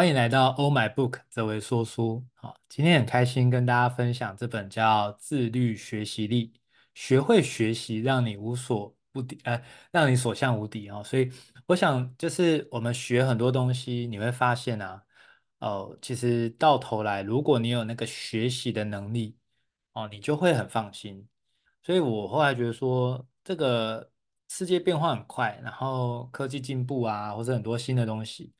歡迎來到《Oh My Book》這位說書。好，今天很開心跟大家分享這本叫《自律學習力》，學會學習，讓你無所不敵，哎、呃，讓你所向無敵啊、哦！所以，我想就是我們學很多東西，你會發現啊，哦、呃，其實到頭來，如果你有那個學習的能力，哦、呃，你就會很放心。所以我後來覺得說，這個世界變化很快，然後科技進步啊，或者很多新的東西。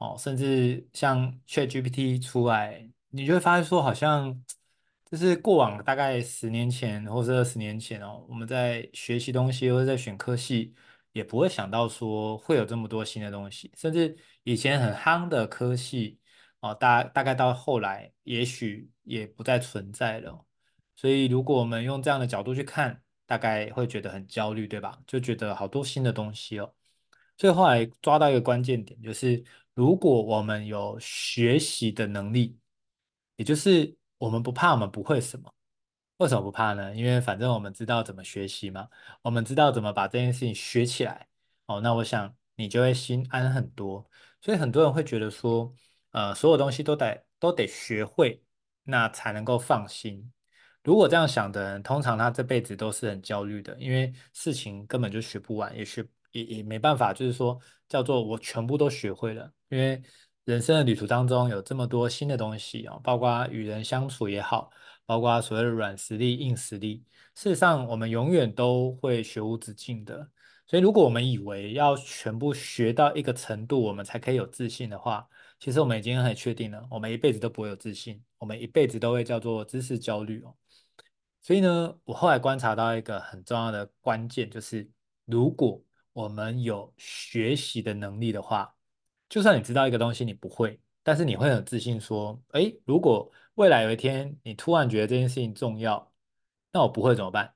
哦，甚至像 ChatGPT 出來，你就會發現說，好像就是過往大概十年前，或者是二十年前哦，我們在學習東西，或者在選科系，也不會想到說會有這麼多新的東西，甚至以前很夯的科系哦，大大概到後來，也許也不再存在了。所以，如果我們用這樣的角度去看，大概會覺得很焦慮，對吧？就覺得好多新的東西哦。所以後來抓到一個關鍵點，就是。如果我們有學習的能力，也就是我們不怕我們不會什麼，為什麼不怕呢？因為反正我們知道怎麼學習嘛，我們知道怎麼把這件事情學起來。哦，那我想你就會心安很多。所以很多人會覺得說，呃，所有東西都得都得學會，那才能夠放心。如果這樣想的人，通常他這輩子都是很焦慮的，因為事情根本就學不完，也學也也沒辦法，就是說。叫做我全部都學會了，因為人生的旅途當中有這麼多新的東西哦。包括與人相處也好，包括所謂的軟實力、硬實力，事實上我們永遠都會學無止境的。所以，如果我們以為要全部學到一個程度，我們才可以有自信的話，其實我們已經很確定了，我們一輩子都不會有自信，我們一輩子都會叫做知識焦慮哦。所以呢，我後來觀察到一個很重要的關鍵，就是如果我們有學習的能力的話，就算你知道一個東西你不會，但是你會很自信說：“哎，如果未來有一天你突然覺得這件事情重要，那我不會怎麼辦？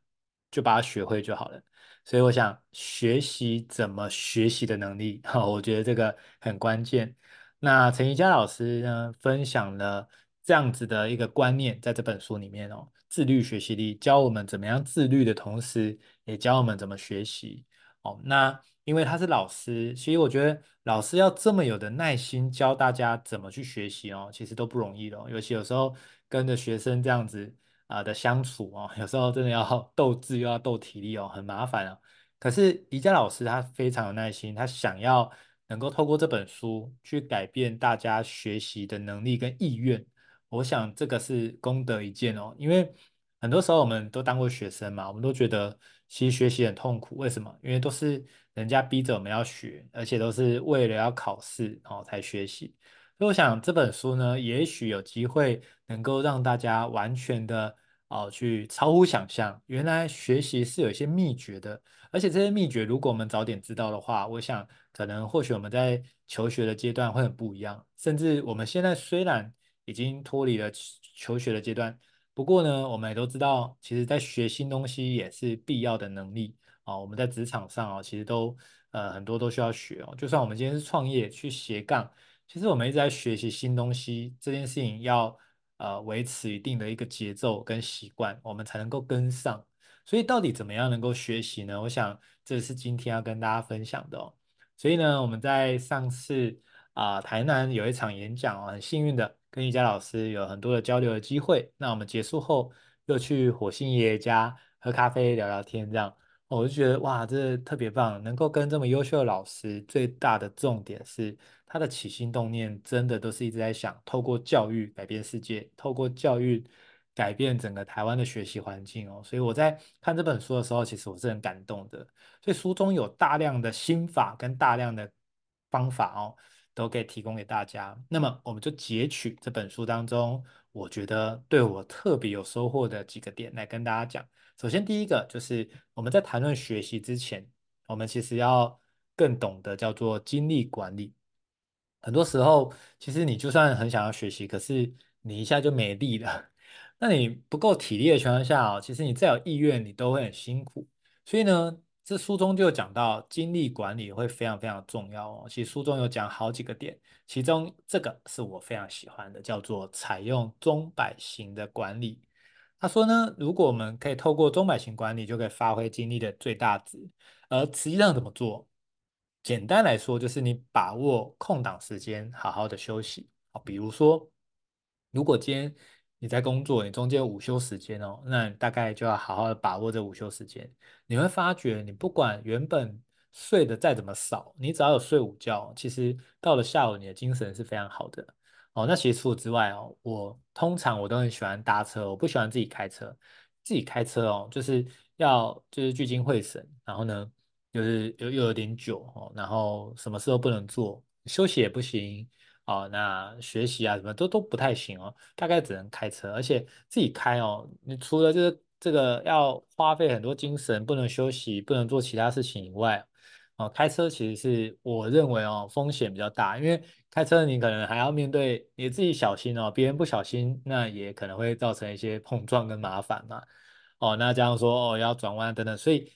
就把它學會就好了。”所以我想學習怎麼學習的能力，哈，我覺得這個很關鍵。那陳怡嘉老師呢，分享了這樣子的一個觀念，在這本書裡面哦，自律學習力教我們怎麼樣自律的同時，也教我們怎麼學習。哦，那因為他是老師，其實我覺得老師要這麼有的耐心教大家怎麼去學習哦，其實都不容易的，哦，尤其有時候跟着學生這樣子啊，呃，的相處哦，有時候真的要鬥智又要鬥體力哦，很麻煩啊。可是宜家老師他非常有耐心，他想要能夠透過這本書去改變大家學習的能力跟意願。我想這個是功德一件哦，因為很多時候我們都當過學生嘛，我們都覺得。其實學習很痛苦，為什麼？因為都是人家逼着我們要學，而且都是為了要考試哦才學習。所以我想這本書呢，也許有機會能夠讓大家完全的哦去超乎想象，原來學習是有一些秘訣的。而且這些秘訣，如果我們早點知道的話，我想可能或許我們在求學的階段會很不一樣。甚至我們現在雖然已經脫離了求學的階段。不過呢，我們也都知道，其實，在學新東西也是必要的能力啊、哦。我們在職場上啊、哦，其實都呃很多都需要學哦。就算我們今天是創業去斜槓，其實我們一直在學習新東西這件事情要，要呃維持一定的一個節奏跟習慣，我們才能夠跟上。所以到底怎麼樣能夠學習呢？我想這是今天要跟大家分享的、哦。所以呢，我們在上次啊、呃、台南有一場演講哦，很幸運的。跟瑜伽老師有很多的交流的機會，那我們結束後又去火星爺爺家喝咖啡聊聊天，這樣我就覺得哇，這特別棒，能夠跟這麼優秀的老師，最大的重點是他的起心動念真的都是一直在想，透過教育改變世界，透過教育改變整個台灣的學習環境哦。所以我在看這本書的時候，其實我是很感動的。所以書中有大量的心法跟大量的方法哦。都可以提供給大家。那麼，我們就截取這本書當中，我覺得對我特別有收穫的幾個點來跟大家講。首先，第一個就是我們在談論學習之前，我們其實要更懂得叫做精力管理。很多時候，其實你就算很想要學習，可是你一下就沒力了。那你不夠體力的情況下哦，其實你再有意願，你都會很辛苦。所以呢，這書中就講到精力管理會非常非常重要哦。其實書中有講好幾個點，其中這個是我非常喜歡的，叫做採用鐘擺型的管理。他說呢，如果我們可以透過鐘擺型管理，就可以發揮精力的最大值。而實際上怎麼做？簡單來說，就是你把握空檔時間，好好的休息啊。比如說，如果今天你在工作，你中間午休時間哦，那你大概就要好好的把握這午休時間。你會發覺，你不管原本睡得再怎麼少，你只要有睡午覺，其實到了下午你的精神是非常好的哦。那其實除此之外哦，我通常我都很喜歡搭車，我不喜歡自己開車。自己開車哦，就是要就是聚精會神，然後呢，就是又又有，有點久哦，然後什麼事都不能做，休息也不行。哦，那學習啊，什麼都都不太行哦，大概只能開車，而且自己開哦。你除了就是這個要花費很多精神，不能休息，不能做其他事情以外，哦，開車其實是我認為哦，風險比較大，因為開車你可能還要面對你自己小心哦，別人不小心，那也可能會造成一些碰撞跟麻煩嘛。哦，那這樣說哦，要轉彎等等，所以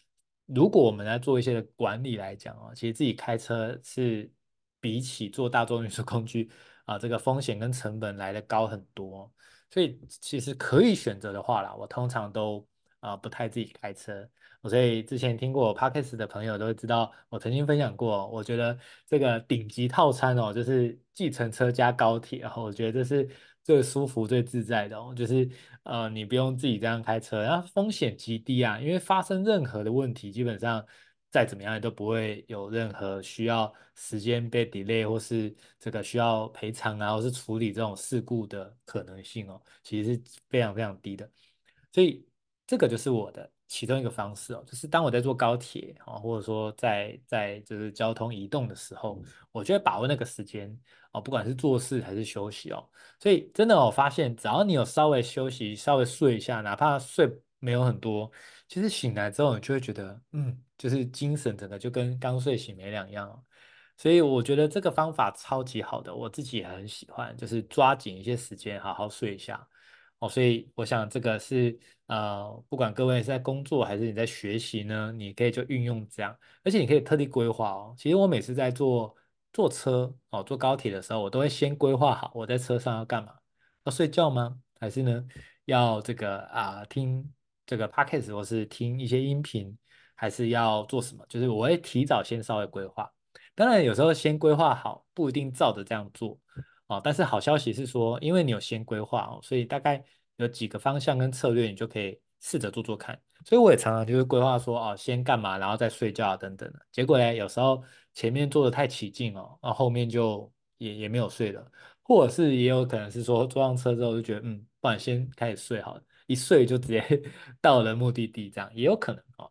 如果我們來做一些管理來講哦，其實自己開車是。比起做大眾運輸工具啊、呃，這個風險跟成本來得高很多，所以其實可以選擇的話啦，我通常都啊、呃、不太自己開車。我所以之前聽過我 podcast 的朋友都知道，我曾經分享過，我覺得這個頂級套餐哦，就是計程車加高鐵，然後我覺得這是最舒服、最自在的、哦，就是呃你不用自己這樣開車，然、啊、後風險極低啊，因為發生任何的問題，基本上。再怎麼樣，也都不會有任何需要時間被 delay，或是這個需要賠償啊，或是處理這種事故的可能性哦，其實是非常非常低的。所以這個就是我的其中一個方式哦，就是當我在坐高鐵啊、哦，或者說在在就是交通移動的時候，我就會把握那個時間哦，不管是做事還是休息哦。所以真的我發現，只要你有稍微休息，稍微睡一下，哪怕睡沒有很多，其實醒來之後你就會覺得嗯。就是精神整個就跟剛睡醒沒兩樣哦，所以我覺得這個方法超級好的，我自己也很喜歡，就是抓緊一些時間好好睡一下哦。所以我想這個是呃，不管各位是在工作還是你在學習呢，你可以就運用這樣，而且你可以特地規劃哦。其實我每次在坐坐車哦，坐高鐵的時候，我都會先規劃好我在車上要幹嘛，要睡覺嗎？還是呢要這個啊聽這個 podcast 或是聽一些音頻。還是要做什麼，就是我會提早先稍微規劃。當然有時候先規劃好不一定照着這樣做哦。但是好消息是說，因為你有先規劃哦，所以大概有幾個方向跟策略，你就可以試着做做看。所以我也常常就是規劃說哦，先幹嘛，然後再睡覺啊等等的。結果呢，有時候前面做的太起勁哦，然後後面就也也沒有睡了，或者是也有可能是說坐上車之後就覺得嗯，不然先開始睡好了，一睡就直接到了目的地，這樣也有可能哦。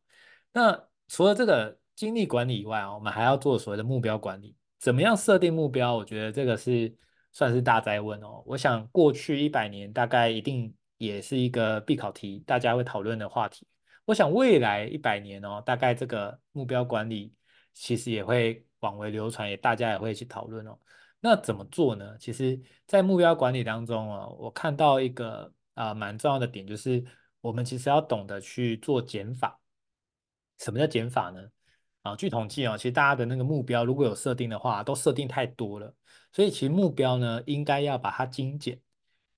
那除了這個精力管理以外啊、哦，我們還要做所謂的目標管理。怎麼樣設定目標？我覺得這個是算是大哉問哦。我想過去一百年大概一定也是一個必考題，大家會討論的話題。我想未來一百年哦，大概這個目標管理其實也會廣為流傳，也大家也會去討論哦。那怎麼做呢？其實，在目標管理當中哦，我看到一個啊、呃、蠻重要的點，就是我們其實要懂得去做減法。什麼叫減法呢？啊，據統計哦，其實大家的那個目標如果有設定的話，都設定太多了。所以其實目標呢，應該要把它精簡。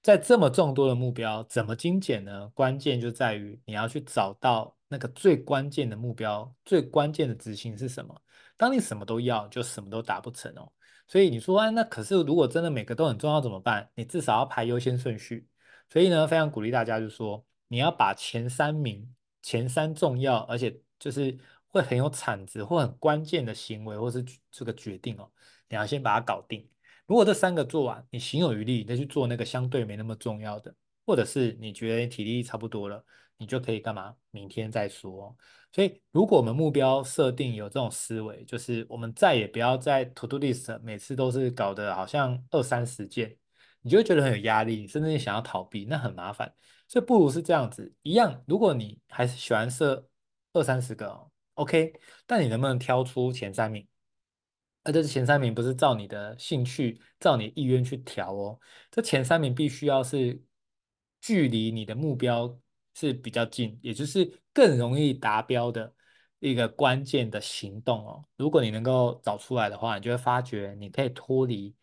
在這麼眾多的目標，怎麼精簡呢？關鍵就在於你要去找到那個最關鍵的目標，最關鍵的執行是什麼。當你什麼都要，就什麼都達不成哦。所以你說，啊、哎，那可是如果真的每個都很重要怎麼辦？你至少要排優先順序。所以呢，非常鼓勵大家就說，就是說你要把前三名、前三重要，而且就是會很有產值或很關鍵的行為，或是這個決定哦，你要先把它搞定。如果這三個做完，你行有餘力，再去做那個相對沒那麼重要的，或者是你覺得體力差不多了，你就可以幹嘛？明天再說哦。所以，如果我們目標設定有這種思維，就是我們再也不要再 to do list，每次都是搞得好像二三十件，你就會覺得很有壓力，甚至你想要逃避，那很麻煩。所以不如是這樣子，一樣，如果你還是喜歡設。二三十個，OK，但你能不能挑出前三名？而這是前三名，不是照你的興趣、照你的意願去挑哦。這前三名必須要是距離你的目標是比較近，也就是更容易達標的，一個關鍵的行動哦。如果你能夠找出來的話，你就會發覺你可以脫離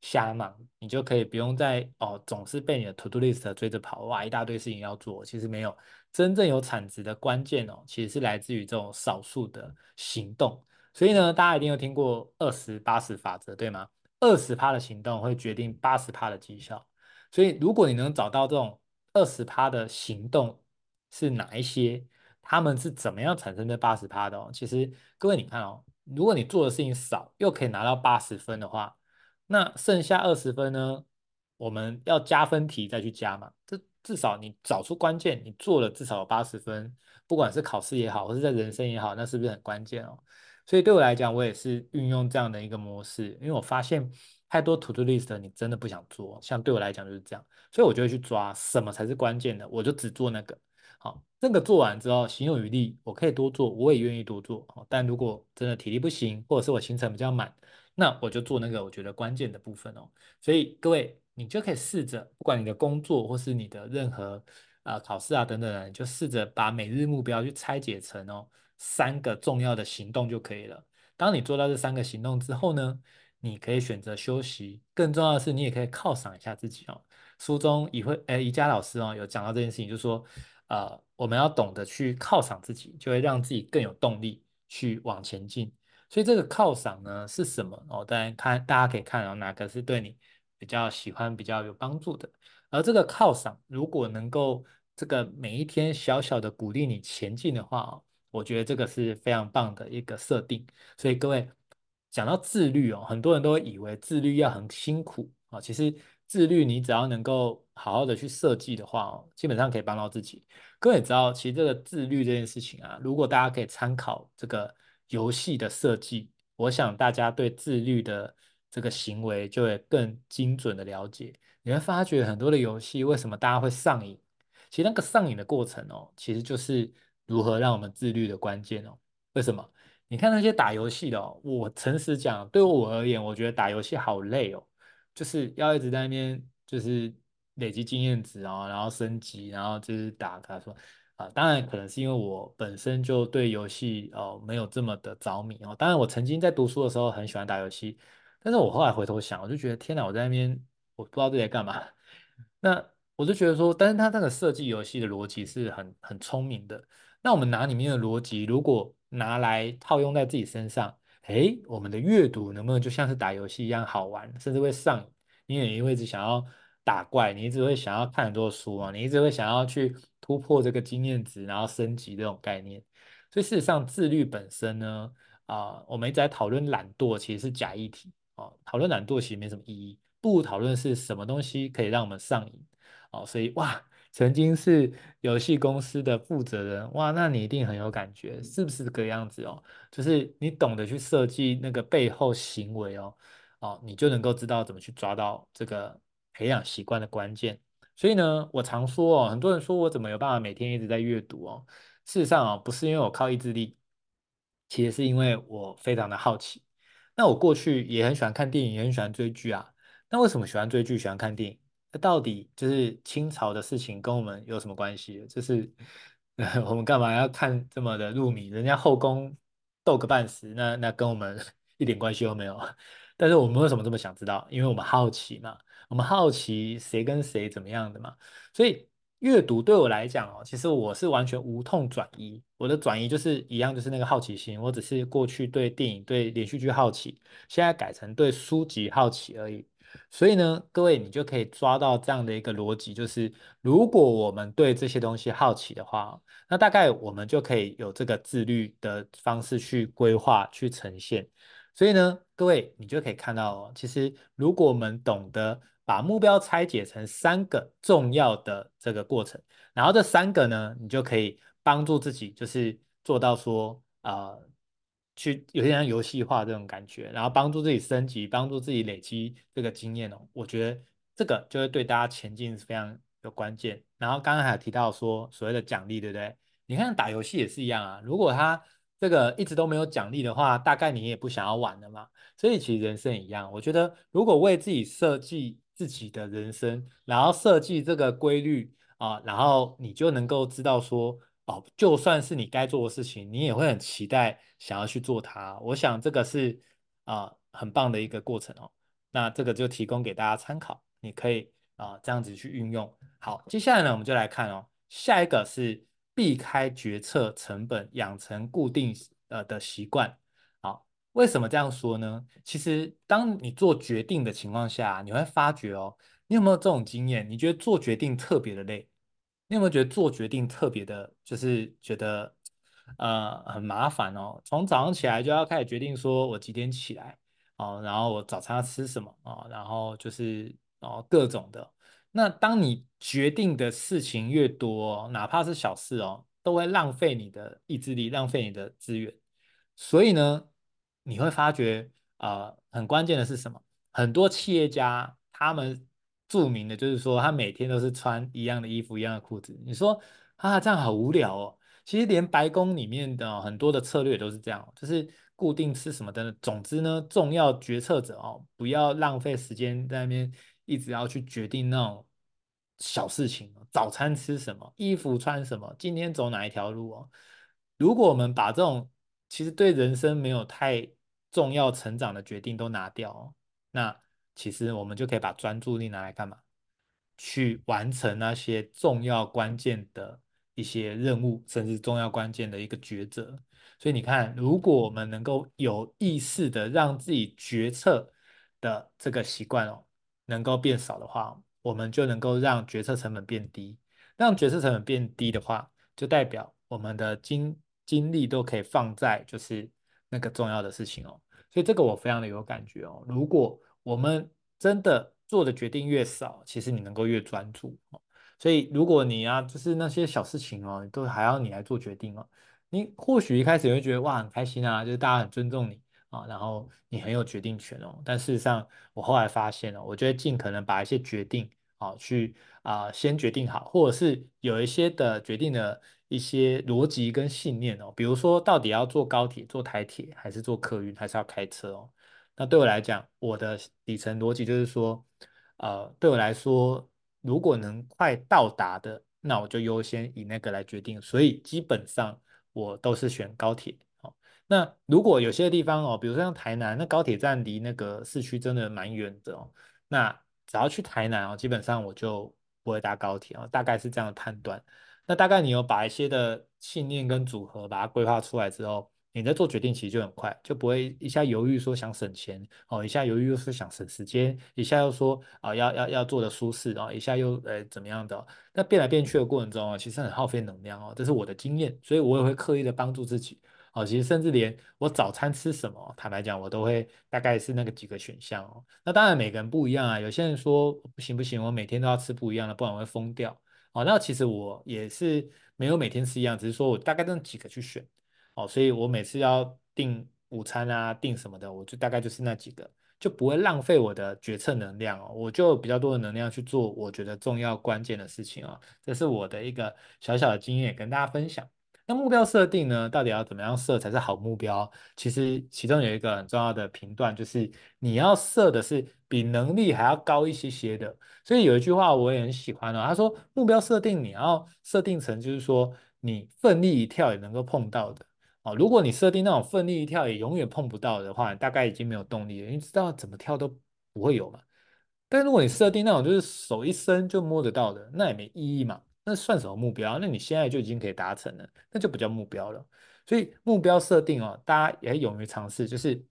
瞎忙，你就可以不用再哦，總是被你的 to do list 追着跑。哇，一大堆事情要做，其實沒有。真正有產值的關鍵哦，其實是來自於這種少數的行動。所以呢，大家一定有聽過二十八十法則，對嗎？二十趴的行動會決定八十趴的績效。所以，如果你能找到這種二十趴的行動是哪一些，他們是怎麼樣產生這八十趴的哦。其實，各位你看哦，如果你做的事情少，又可以拿到八十分的話，那剩下二十分呢？我們要加分題再去加嘛？這。至少你找出關鍵，你做了至少有八十分，不管是考試也好，或者在人生也好，那是不是很關鍵哦？所以對我來講，我也是運用這樣的一個模式，因為我發現太多 to do list，你真的不想做。像對我來講就是這樣，所以我就會去抓什麼才是關鍵的，我就只做那個。好，那個做完之後，行有餘力，我可以多做，我也願意多做。但如果真的體力不行，或者是我行程比較滿，那我就做那個我覺得關鍵的部分哦。所以各位。你就可以試着，不管你的工作或是你的任何啊、呃、考試啊等等，你就試着把每日目標去拆解成哦三個重要的行動就可以了。當你做到這三個行動之後呢，你可以選擇休息。更重要的是，你也可以犒賞一下自己哦。書中也會哎宜家老師哦有講到這件事情就是，就說呃我們要懂得去犒賞自己，就會讓自己更有動力去往前進。所以這個犒賞呢是什麼哦？當然看大家可以看哦哪個是對你比較喜歡比較有幫助的，而這個犒賞如果能夠這個每一天小小的鼓勵你前進的話，哦，我覺得這個是非常棒的一個設定。所以各位講到自律哦，很多人都以為自律要很辛苦啊，哦，其實自律你只要能夠好好的去設計的話哦，基本上可以幫到自己。各位也知道，其實這個自律這件事情啊，如果大家可以參考這個遊戲的設計，我想大家對自律的。這個行為就會更精準的了解，你會發覺很多的遊戲為什麼大家會上癮？其實那個上癮的過程哦，其實就是如何讓我們自律的關鍵哦。為什麼？你看那些打遊戲的哦，我誠實講，對我而言，我覺得打遊戲好累哦，就是要一直在那邊就是累積經驗值哦，然後升級，然後就是打卡。說啊，當然可能是因為我本身就對遊戲哦沒有這麼的着迷哦。當然我曾經在讀書的時候很喜歡打遊戲。但是我後來回頭想，我就覺得天哪，我在那邊我不知道在幹嘛。那我就覺得說，但是他這個設計遊戲的邏輯是很很聰明的。那我們拿裡面的邏輯，如果拿來套用在自己身上，誒，我們的閱讀能不能就像是打遊戲一樣好玩，甚至會上癮？因為你有一直想要打怪，你一直會想要看很多書啊，你一直會想要去突破這個經驗值，然後升級這種概念。所以事實上，自律本身呢，啊、呃，我們一直在討論懶惰其實是假議題。討論懶惰其實沒什麼意義，不如討論是什麼東西可以讓我們上癮。哦，所以哇，曾經是遊戲公司的負責人，哇，那你一定很有感覺，是不是這個樣子哦？就是你懂得去設計那個背後行為哦，哦，你就能夠知道怎麼去抓到這個培養習慣的關鍵。所以呢，我常說哦，很多人說我怎麼有辦法每天一直在閱讀哦？事實上哦，不是因為我靠意志力，其實是因為我非常的好奇。那我過去也很喜歡看電影，也很喜歡追劇啊。那為什麼喜歡追劇、喜歡看電影？那到底就是清朝的事情跟我們有什麼關係？就是我們幹嘛要看這麼的入迷？人家後宮鬥個半死，那那跟我們一點關係都沒有。但是我們為什麼這麼想知道？因為我們好奇嘛，我們好奇誰跟誰怎麼樣的嘛。所以。閱讀對我來講哦，其實我是完全無痛轉移，我的轉移就是一樣，就是那個好奇心，我只是過去對電影、對連續劇好奇，現在改成對書籍好奇而已。所以呢，各位你就可以抓到這樣的一個邏輯，就是如果我們對這些東西好奇的話，那大概我們就可以有這個自律的方式去規劃、去呈現。所以呢，各位你就可以看到哦，其實如果我們懂得。把目標拆解成三個重要的這個過程，然後這三個呢，你就可以幫助自己，就是做到說，呃，去有些像遊戲化這種感覺，然後幫助自己升級，幫助自己累積這個經驗哦、喔。我覺得這個就是對大家前進非常有關鍵。然後剛剛還有提到說所謂的獎勵，對不對？你看打遊戲也是一樣啊，如果他這個一直都沒有獎勵的話，大概你也不想要玩了嘛。所以其實人生也一樣，我覺得如果為自己設計。自己的人生，然後設計這個規律啊、呃，然後你就能夠知道說哦，就算是你該做的事情，你也會很期待想要去做它。我想這個是啊、呃、很棒的一個過程哦。那這個就提供給大家參考，你可以啊、呃、這樣子去運用。好，接下來呢，我們就來看哦，下一個是避開決策成本，養成固定的呃的習慣。為什麼這樣說呢？其實，當你做決定的情況下，你會發覺哦，你有沒有這種經驗？你覺得做決定特別的累？你有沒有覺得做決定特別的，就是覺得呃很麻煩哦？從早上起來就要開始決定，說我幾點起來哦，然後我早餐要吃什麼哦，然後就是哦各種的。那當你決定的事情越多，哪怕是小事哦，都會浪費你的意志力，浪費你的資源。所以呢，你會發覺，啊、呃，很關鍵的是什麼？很多企業家他們著名的就是說，他每天都是穿一樣的衣服，一樣的褲子。你說啊，這樣好無聊哦。其實連白宮裡面的哦、很多的策略都是這樣，就是固定吃什麼的。總之呢，重要決策者哦，不要浪費時間在那邊一直要去決定那種小事情，早餐吃什麼，衣服穿什麼，今天走哪一條路哦。如果我們把這種其實對人生沒有太重要成長的決定都拿掉，哦，那其實我們就可以把專注力拿來幹嘛？去完成那些重要關鍵的一些任務，甚至重要關鍵的一個抉擇。所以你看，如果我們能夠有意識的讓自己決策的這個習慣哦，能夠變少的話，我們就能夠讓決策成本變低。讓決策成本變低的話，就代表我們的經。精力都可以放在就是那個重要的事情哦，所以這個我非常的有感覺哦。如果我們真的做的決定越少，其實你能夠越專注哦。所以如果你啊，就是那些小事情哦，都還要你來做決定哦，你或許一開始你會覺得哇，很開心啊，就是大家很尊重你啊，然後你很有決定權哦。但事實上，我後來發現哦，我覺得儘可能把一些決定。好，去啊、呃，先決定好，或者是有一些的決定的一些邏輯跟信念哦。比如說，到底要坐高鐵、坐台鐵，還是坐客運，還是要開車哦？那對我來講，我的底層邏輯就是說，呃，對我來說，如果能快到達的，那我就優先以那個來決定。所以基本上我都是選高鐵哦。那如果有些地方哦，比如說像台南，那高鐵站離那個市區真的蠻遠的哦，那。只要去台南哦，基本上我就不會搭高鐵哦，大概是這樣的判斷。那大概你有把一些的信念跟組合把它規劃出來之後，你在做決定其實就很快，就不會一下猶豫說想省錢哦，一下猶豫又是想省時間，一下又說啊、哦、要要要坐的舒適哦，一下又呃、哎、怎麼樣的、哦？那變來變去的過程中哦，其實很耗費能量哦，這是我的經驗，所以我也會刻意的幫助自己。哦，其實甚至連我早餐吃什麼，坦白講，我都會大概是那個幾個選項哦。那當然每個人不一樣啊，有些人說不行不行，我每天都要吃不一樣的，不然我會瘋掉。哦，那其實我也是沒有每天吃一樣，只是說我大概那幾個去選哦。所以我每次要訂午餐啊，訂什麼的，我就大概就是那幾個，就不會浪費我的決策能量哦。我就比較多的能量去做我覺得重要關鍵的事情啊。哦，這是我的一個小小的經驗跟大家分享。那目標設定呢？到底要怎麼樣設才是好目標？其實其中有一個很重要的評斷，就是你要設的是比能力還要高一些些的。所以有一句話我也很喜歡啊、哦，他說目標設定，你要設定成就是說你奮力一跳也能夠碰到的哦。如果你設定那種奮力一跳也永遠碰不到的話，你大概已經沒有動力了，因為知道怎麼跳都不會有嘛。但如果你設定那種就是手一伸就摸得到的，那也沒意義嘛。那算什麼目標啊？那你現在就已經可以達成了，那就不叫目標了。所以目標設定哦，大家也勇於嘗試，就是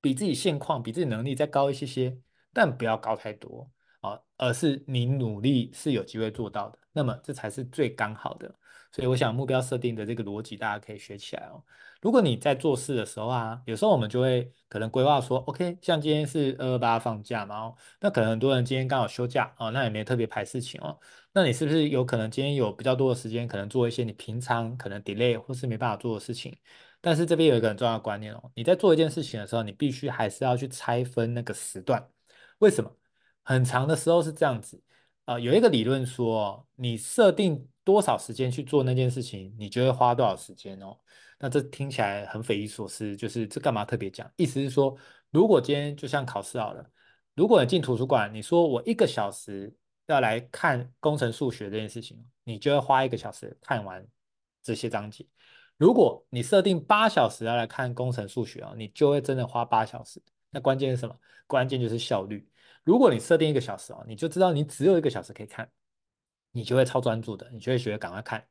比自己現況、比自己能力再高一些些，但不要高太多啊，哦，而是你努力是有機會做到的。那麼這才是最剛好的。所以我想目標設定的這個邏輯，大家可以學起來哦。如果你在做事的時候啊，有時候我們就會可能規劃說，OK，像今天是二二八放假嘛，那可能很多人今天剛好休假哦，那也沒特別排事情哦，那你是不是有可能今天有比較多的時間，可能做一些你平常可能 delay 或是沒辦法做的事情？但是這邊有一個很重要的觀念哦，你在做一件事情的時候，你必須還是要去拆分那個時段。為什麼？很長的時候是這樣子啊、呃，有一個理論說，你設定多少時間去做那件事情，你就會花多少時間哦。那這聽起來很匪夷所思，就是這幹嘛特別講？意思是說，如果今天就像考試好了，如果你進圖書館，你說我一個小時要來看工程數學這件事情，你就會花一個小時看完這些章節。如果你設定八小時要來看工程數學哦，你就會真的花八小時。那關鍵是什麼？關鍵就是效率。如果你設定一個小時哦，你就知道你只有一個小時可以看，你就會超專注的，你就會學會趕快看。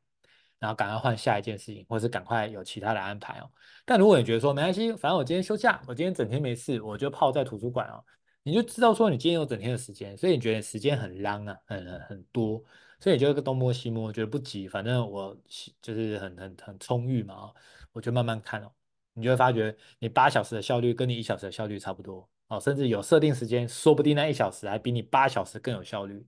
然後趕快換下一件事情，或者是趕快有其他的安排哦。但如果你覺得說沒關係，反正我今天休假，我今天整天沒事，我就泡在圖書館哦。你就知道說你今天有整天的時間，所以你覺得你時間很 long 啊，很很很多，所以你就東摸西摸，覺得不急，反正我就是很很很充裕嘛，哦，我就慢慢看哦。你就會發覺，你八小時的效率跟你一小時的效率差不多哦，甚至有設定時間，說不定那一小時還比你八小時更有效率。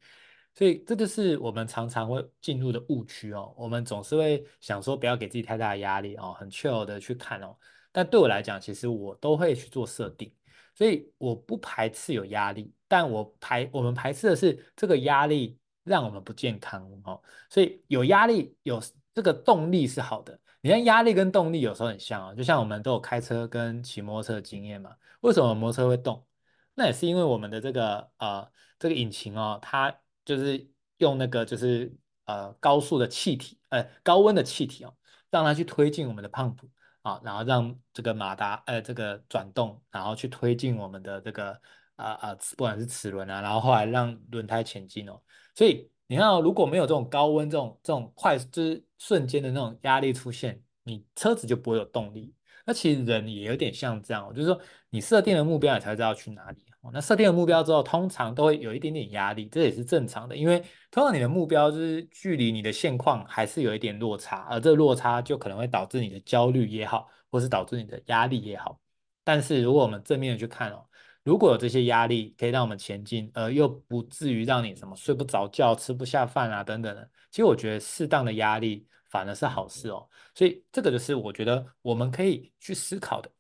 所以這就是我們常常會進入的誤區哦。我們總是會想說，不要給自己太大的壓力哦，很 chill 的去看哦。但對我來講，其實我都會去做設定，所以我不排斥有壓力，但我排我們排斥的是這個壓力讓我們不健康哦。所以有壓力，有這個動力是好的。你看壓力跟動力有時候很像哦，就像我們都有開車跟騎摩托車的經驗嘛。為什麼摩托車會動？那也是因為我們的這個呃這個引擎哦，它。就是用那個，就是呃高速的氣體，呃高溫的氣體哦，讓它去推進我們的胖 u 啊，然後讓這個馬達，呃這個轉動，然後去推進我們的這個啊啊，不管是齒輪啊，然後後來讓輪胎前進哦。所以你看、哦，如果沒有這種高溫、這種這種快，就是瞬間的那種壓力出現，你車子就不會有動力。那其實人也有點像這樣哦，就是說你設定的目標，才知道去哪裡。那設定的目標之後，通常都會有一點點壓力，這也是正常的，因為通常你的目標就是距離你的現況還是有一點落差，而這落差就可能會導致你的焦慮也好，或是導致你的壓力也好。但是如果我們正面的去看哦，如果有這些壓力可以讓我們前進，而、呃、又不至於讓你什麼睡不着覺、吃不下飯啊等等的，其實我覺得適當的壓力反而是好事哦。所以這個就是我覺得我們可以去思考的。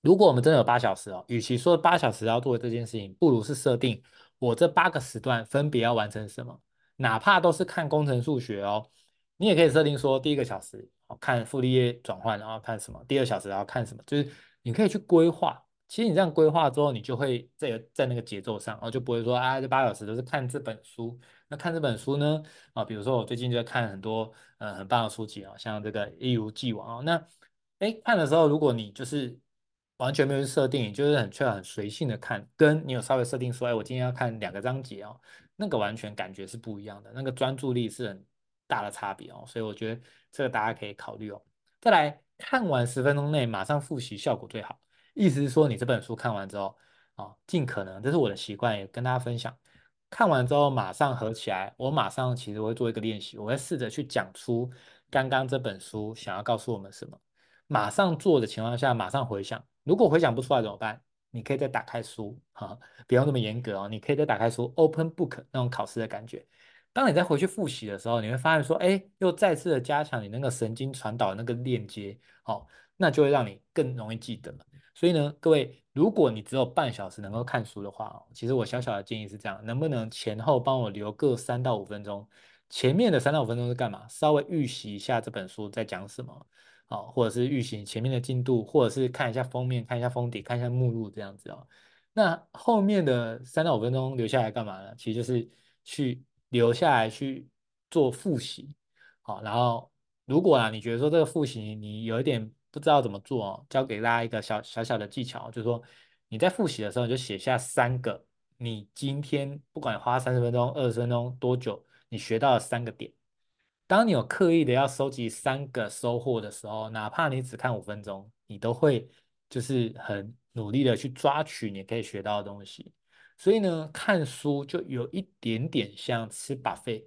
如果我們真的有八小時哦，與其說八小時要做這件事情，不如是設定我這八個時段分別要完成什麼，哪怕都是看工程數學哦，你也可以設定說第一個小時哦看傅立葉轉換，然後看什麼，第二小時然後看什麼，就是你可以去規劃。其實你這樣規劃之後，你就會在在那個節奏上哦，就不會說啊這八小時都是看這本書，那看這本書呢啊、哦，比如說我最近就在看很多嗯、呃、很棒的書籍哦，像這個一如既往哦，那哎看的時候，如果你就是。完全沒有設定，就是很卻很隨性的看，跟你有稍微設定說，哎，我今天要看兩個章節哦，那個完全感覺是不一樣的，那個專注力是很大的差別哦，所以我覺得這個大家可以考慮哦。再來看完十分鐘內馬上複習，效果最好。意思是說，你這本書看完之後啊、哦，儘可能，這是我的習慣，也跟大家分享。看完之後馬上合起來，我馬上其實會做一個練習，我會試着去講出剛剛這本書想要告訴我們什麼。馬上做的情況下，馬上回想。如果回想不出來怎麼辦？你可以再打開書，哈，不用那麼嚴格哦。你可以再打開書，open book 那種考試的感覺。當你再回去複習的時候，你會發現說，哎，又再次的加強你那個神經傳導的那個鏈接，好、哦，那就會讓你更容易記得了。所以呢，各位，如果你只有半小時能夠看書的話哦，其實我小小的建議是這樣，能不能前後幫我留個三到五分鐘？前面的三到五分鐘是幹嘛？稍微預習一下這本書在講什麼，好，或者是預習前面的進度，或者是看一下封面，看一下封底，看一下目錄這樣子哦。那後面的三到五分鐘留下來幹嘛呢？其實就是去留下來去做複習，好，然後如果啊你覺得說這個複習你有一點不知道怎麼做哦，教給大家一個小小小的技巧，就是說你在複習的時候你就寫下三個，你今天不管花三十分鐘、二十分鐘多久。你學到了三個點，當你有刻意的要收集三個收穫的時候，哪怕你只看五分鐘，你都會就是很努力的去抓取你可以學到的東西。所以呢，看書就有一點點像吃 buffet。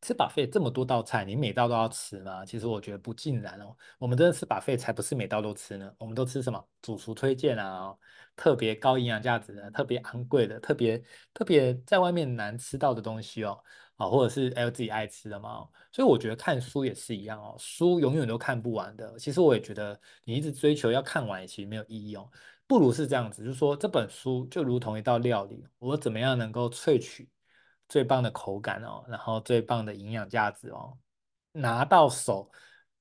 吃 buffet，這麼多道菜，你每道都要吃嗎？其實我覺得不盡然哦。我們真的吃 buffet，才不是每道都吃呢。我們都吃什麼主廚推薦啊、哦，特別高營養價值的、特別昂貴的、特別特別在外面難吃到的東西哦。啊、哦，或者是有、哎、自己愛吃的嘛、哦。所以我覺得看書也是一樣哦，書永遠都看不完的。其實我也覺得你一直追求要看完也，其實沒有意義哦。不如是這樣子，就是說這本書就如同一道料理，我怎麼樣能夠萃取？最棒的口感哦，然後最棒的營養價值哦，拿到手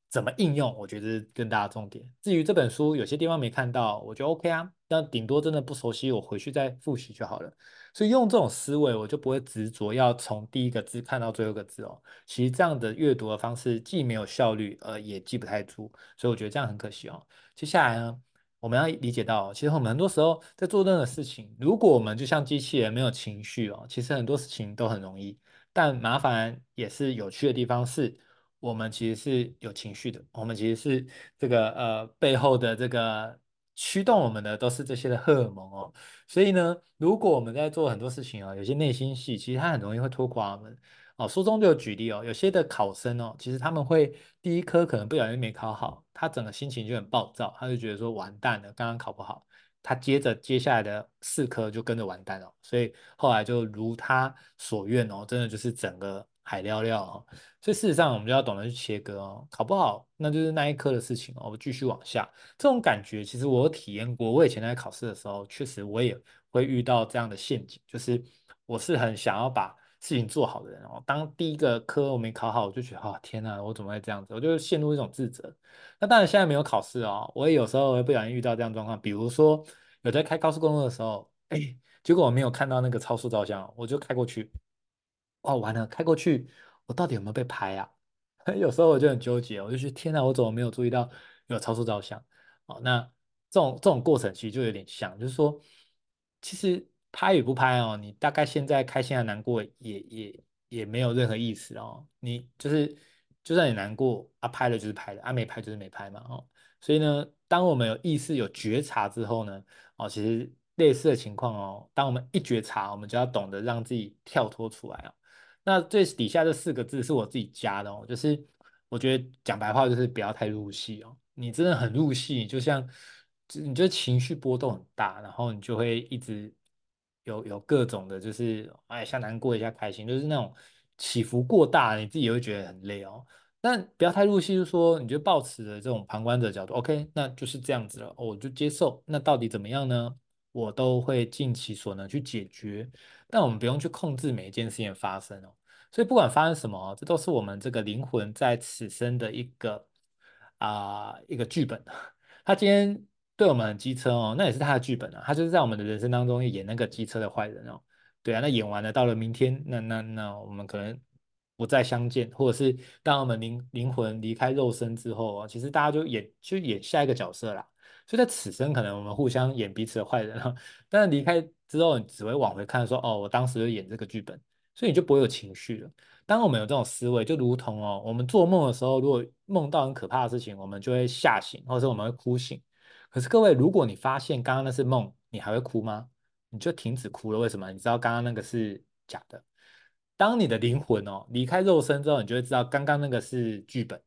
怎麼應用？我覺得是更大的重點。至於這本書有些地方沒看到，我覺得 OK 啊，那頂多真的不熟悉，我回去再複習就好了。所以用這種思維，我就不會執着要從第一個字看到最後一個字哦。其實這樣的閱讀的方式既沒有效率，呃，也記不太住，所以我覺得這樣很可惜哦。接下來呢？我們要理解到，其實我們很多時候在做任何事情，如果我們就像機器人沒有情緒哦，其實很多事情都很容易。但麻煩也是有趣的地方是，是我們其實是有情緒的，我們其實是這個呃背後的這個驅動我們的都是這些的荷爾蒙哦。所以呢，如果我們在做很多事情啊、哦，有些內心戲，其實它很容易會拖垮我們。哦，書中就有舉例哦，有些的考生哦，其實他們會第一科可能不小心沒考好，他整個心情就很暴躁，他就覺得說完蛋了，剛剛考不好，他接着接下來的四科就跟着完蛋了，所以後來就如他所願哦，真的就是整個害了了哦。所以事實上，我們就要懂得去切割哦，考不好那就是那一科的事情哦，我繼續往下。這種感覺其實我有體驗過，我以前在考試的時候，確實我也會遇到這樣的陷阱，就是我是很想要把。事情做好的人哦，當第一個科我沒考好，我就覺得，哦，天哪，我怎麼會這樣子？我就陷入一種自責。那當然，現在沒有考試哦，我也有時候會不小心遇到這樣的狀況，比如說有在開高速公路的時候，哎，結果我沒有看到那個超速照相，我就開過去，哦，完了，開過去，我到底有沒有被拍啊？有時候我就很糾結，我就覺得，天哪，我怎麼沒有注意到有超速照相？哦，那這種這種過程其實就有點像，就是說，其實。拍與不拍哦，你大概現在開心還難過也，也也也沒有任何意思哦。你就是，就算你難過啊，拍了就是拍了啊，沒拍就是沒拍嘛哦。所以呢，當我們有意識、有覺察之後呢，哦，其實類似的情況哦，當我們一覺察，我們就要懂得讓自己跳脫出來哦。那最底下這四個字是我自己加的哦，就是我覺得講白話就是不要太入戲哦。你真的很入戲，就像你就情緒波動很大，然後你就會一直。有有各種的，就是哎，像難過一下開心，就是那種起伏過大，你自己也會覺得很累哦。但不要太入戲就是，就說你就抱持着這種旁觀者的角度，OK，那就是這樣子了，我就接受。那到底怎麼樣呢？我都會盡其所能去解決。但我們不用去控制每一件事情的發生哦。所以不管發生什麼、哦，這都是我們這個靈魂在此生的一個啊、呃、一個劇本。他今天。對，我們機車哦，那也是他的劇本啊。他就是在我們的人生當中演那個機車的壞人哦。對啊，那演完了，到了明天，那那那我們可能不再相見，或者是當我們靈靈魂離開肉身之後啊，其實大家就演就演下一個角色啦。所以在此生可能我們互相演彼此的壞人啊，但是離開之後，你只會往回看說，哦，我當時就演這個劇本，所以你就不會有情緒了。當我們有這種思維，就如同哦，我們做夢的時候，如果夢到很可怕的事情，我們就會嚇醒，或者是我們會哭醒。可是各位，如果你發現剛剛那是夢，你還會哭嗎？你就停止哭了。為什麼？你知道剛剛那個是假的。當你的靈魂哦離開肉身之後，你就會知道剛剛那個是劇本，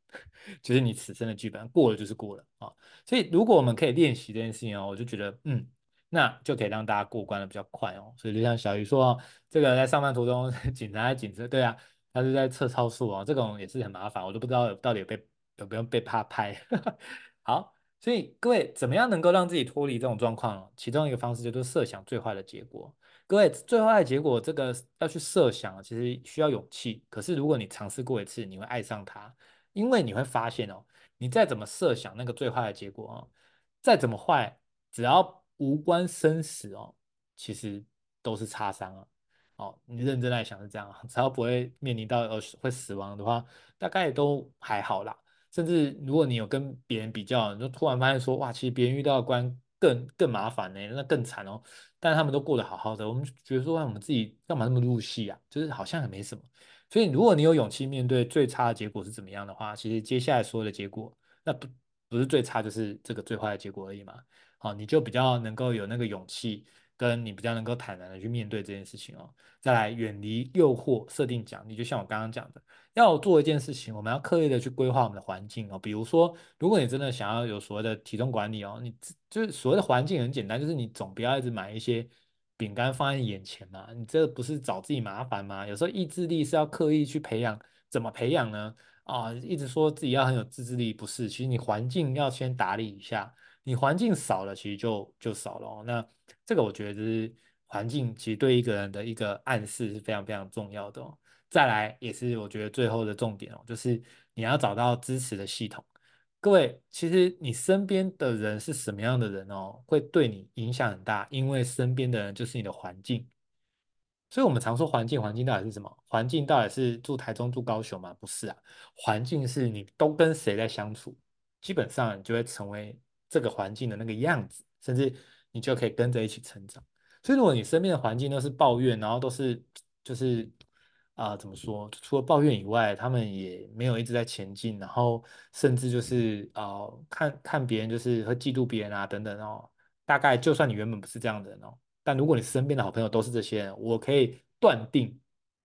就是你此生的劇本。過了就是過了啊、哦。所以如果我們可以練習這件事情哦，我就覺得嗯，那就可以讓大家過關得比較快哦。所以就像小魚說、哦，這個人在上班途中警察在警車，對啊，他是在測超速哦，這種也是很麻煩，我都不知道有到底被有沒有被他拍。 好。所以各位，怎麼樣能夠讓自己脫離這種狀況呢？其中一個方式就是設想最壞的結果。各位，最壞的結果這個要去設想，其實需要勇氣。可是如果你嘗試過一次，你會愛上它，因為你會發現哦，你再怎麼設想那個最壞的結果哦，再怎麼壞，只要無關生死哦，其實都是擦傷啊。哦，你認真來想是這樣，只要不會面臨到呃會死亡的話，大概也都還好啦。甚至如果你有跟別人比較，你就突然發現說，哇，其實別人遇到的關更更麻煩呢，欸，那更慘哦，喔。但他們都過得好好的，我們覺得說，哇，我們自己幹嘛那麼入戲啊？就是好像也沒什麼。所以如果你有勇氣面對最差的結果是怎麼樣的話，其實接下來所有的結果，那不不是最差，就是這個最壞的結果而已嘛。好，你就比較能夠有那個勇氣。跟你比較能夠坦然的去面對這件事情哦，再來遠離誘惑，設定獎勵，就像我剛剛講的，要做一件事情，我們要刻意的去規劃我們的環境哦。比如說，如果你真的想要有所謂的體重管理哦，你就是所謂的環境很簡單，就是你總不要一直買一些餅乾放在眼前嘛，你這不是找自己麻煩嗎？有時候意志力是要刻意去培養，怎麼培養呢？啊、哦，一直說自己要很有自制力，不是，其實你環境要先打理一下。你環境少了，其實就就少了哦。那這個我覺得就是環境，其實對一個人的一個暗示是非常非常重要的哦。再來也是我覺得最後的重點哦，就是你要找到支持的系統。各位，其實你身邊的人是什麼樣的人哦，會對你影響很大，因為身邊的人就是你的環境。所以我們常說環境，環境到底是什麼？環境到底是住台中住高雄嗎？不是啊，環境是你都跟誰在相處，基本上你就會成為。這個環境的那個樣子，甚至你就可以跟着一起成長。所以，如果你身邊的環境都是抱怨，然後都是就是啊、呃，怎麼說？除了抱怨以外，他們也沒有一直在前進，然後甚至就是啊、呃，看看別人就是會嫉妒別人啊，等等哦。大概就算你原本不是這樣的人哦，但如果你身邊的好朋友都是這些人，我可以斷定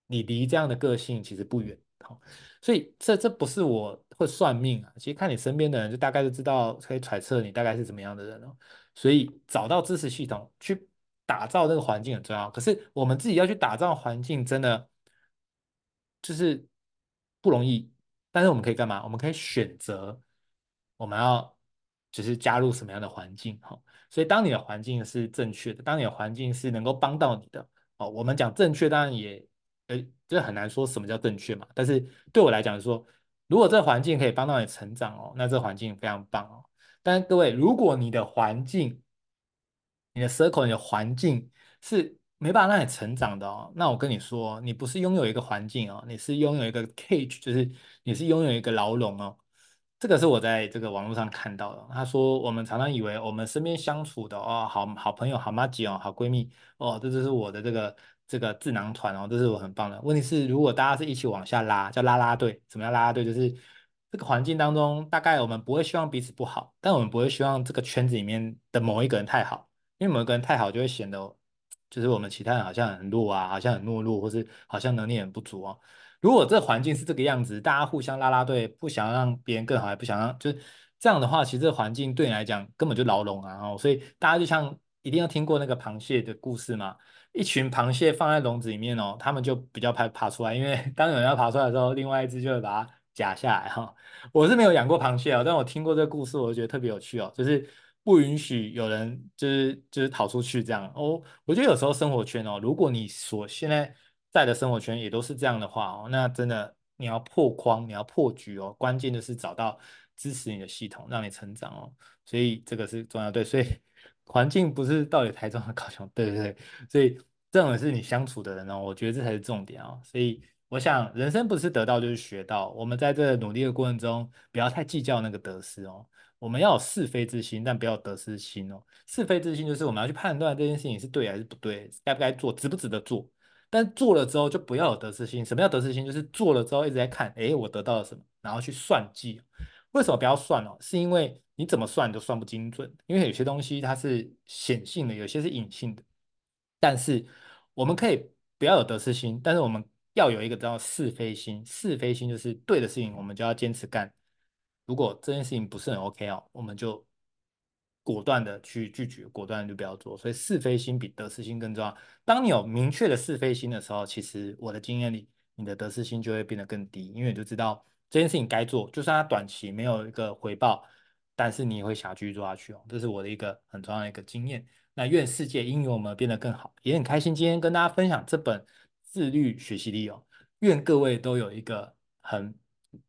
你離這樣的個性其實不遠哦。所以這，這這不是我。會算命啊，其實看你身邊的人，就大概就知道，可以揣測你大概是什麼樣的人了。所以找到知識系統去打造那個環境很重要。可是我們自己要去打造環境，真的就是不容易。但是我們可以幹嘛？我們可以選擇我們要就是加入什麼樣的環境哈。所以當你的環境是正確的，當你的環境是能夠幫到你的哦。我們講正確，當然也呃，這、就是、很難說什麼叫正確嘛。但是對我來講說。如果這個環境可以幫到你成長哦，那這環境非常棒哦。但各位，如果你的環境、你的 circle、你的環境是沒辦法讓你成長的哦，那我跟你說，你不是擁有一個環境哦，你是擁有一個 cage，就是你是擁有一個牢籠哦。這個是我在這個網絡上看到的。他說，我們常常以為我們身邊相處的哦，好好朋友、好麻吉哦、好閨蜜哦，這就是我的這個。這個智囊團哦，這是我很棒的。問題是，如果大家是一起往下拉，叫拉拉隊，怎麼樣？拉拉隊就是這個環境當中，大概我們不會希望彼此不好，但我們不會希望這個圈子裡面的某一個人太好，因為某一個人太好，就會顯得就是我們其他人好像很弱啊，好像很懦弱，或是好像能力很不足啊、哦。如果這環境是這個樣子，大家互相拉拉隊，不想讓別人更好，也不想讓就是這樣的話，其實這個環境對你來講根本就牢籠啊、哦！哈，所以大家就像一定要聽過那個螃蟹的故事嘛？一群螃蟹放在籠子裡面哦，它們就比較怕爬、爬出來，因為當有人要爬出來的時候，另外一隻就會把它夾下來哈、哦。我是沒有養過螃蟹哦，但我聽過這個故事，我就覺得特別有趣哦。就是不允許有人就是就是逃出去這樣哦。我覺得有時候生活圈哦，如果你所現在在的生活圈也都是這樣的話哦，那真的你要破框，你要破局哦。關鍵就是找到支持你的系統，讓你成長哦。所以這個是重要對，所以。環境不是到底台中和高雄，對對對，所以這種是你相處的人呢、哦，我覺得這才是重點哦。所以我想，人生不是得到就是學到，我們在這努力的過程中，不要太計較那個得失哦。我們要有是非之心，但不要得失心哦。是非之心就是我們要去判斷這件事情是對還是不對，該不該做，值不值得做。但做了之後就不要有得失心。什麼叫得失心？就是做了之後一直在看，哎，我得到了什麼，然後去算計。為什麼不要算哦？是因為你怎麼算都算不精準，因為有些東西它是顯性的，有些是隱性的。但是我們可以不要有得失心，但是我們要有一個叫是非心。是非心就是對的事情，我們就要堅持幹。如果這件事情不是很 OK 哦，我們就果斷的去拒絕，果斷的就不要做。所以是非心比得失心更重要。當你有明確的是非心的時候，其實我的經驗裡，你的得失心就會變得更低，因為你就知道。這件事情該做，就算它短期沒有一個回報，但是你也會想要繼續做下去哦。這是我的一個很重要的一個經驗。那願世界因為我們變得更好，也很開心今天跟大家分享這本《自律學習力》哦。願各位都有一個很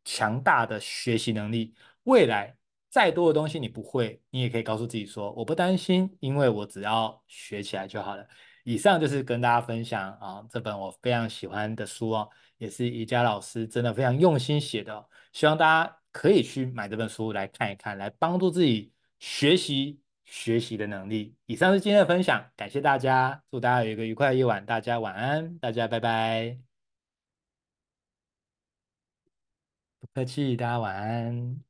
強大的學習能力，未來再多的東西你不會，你也可以告訴自己說我不擔心，因為我只要學起來就好了。以上就是跟大家分享啊，這本我非常喜歡的書哦。也是宜家老師真的非常用心寫的，希望大家可以去買這本書來看一看，來幫助自己學習學習的能力。以上是今天的分享，感謝大家，祝大家有一個愉快的夜晚，大家晚安，大家拜拜，不客氣，大家晚安。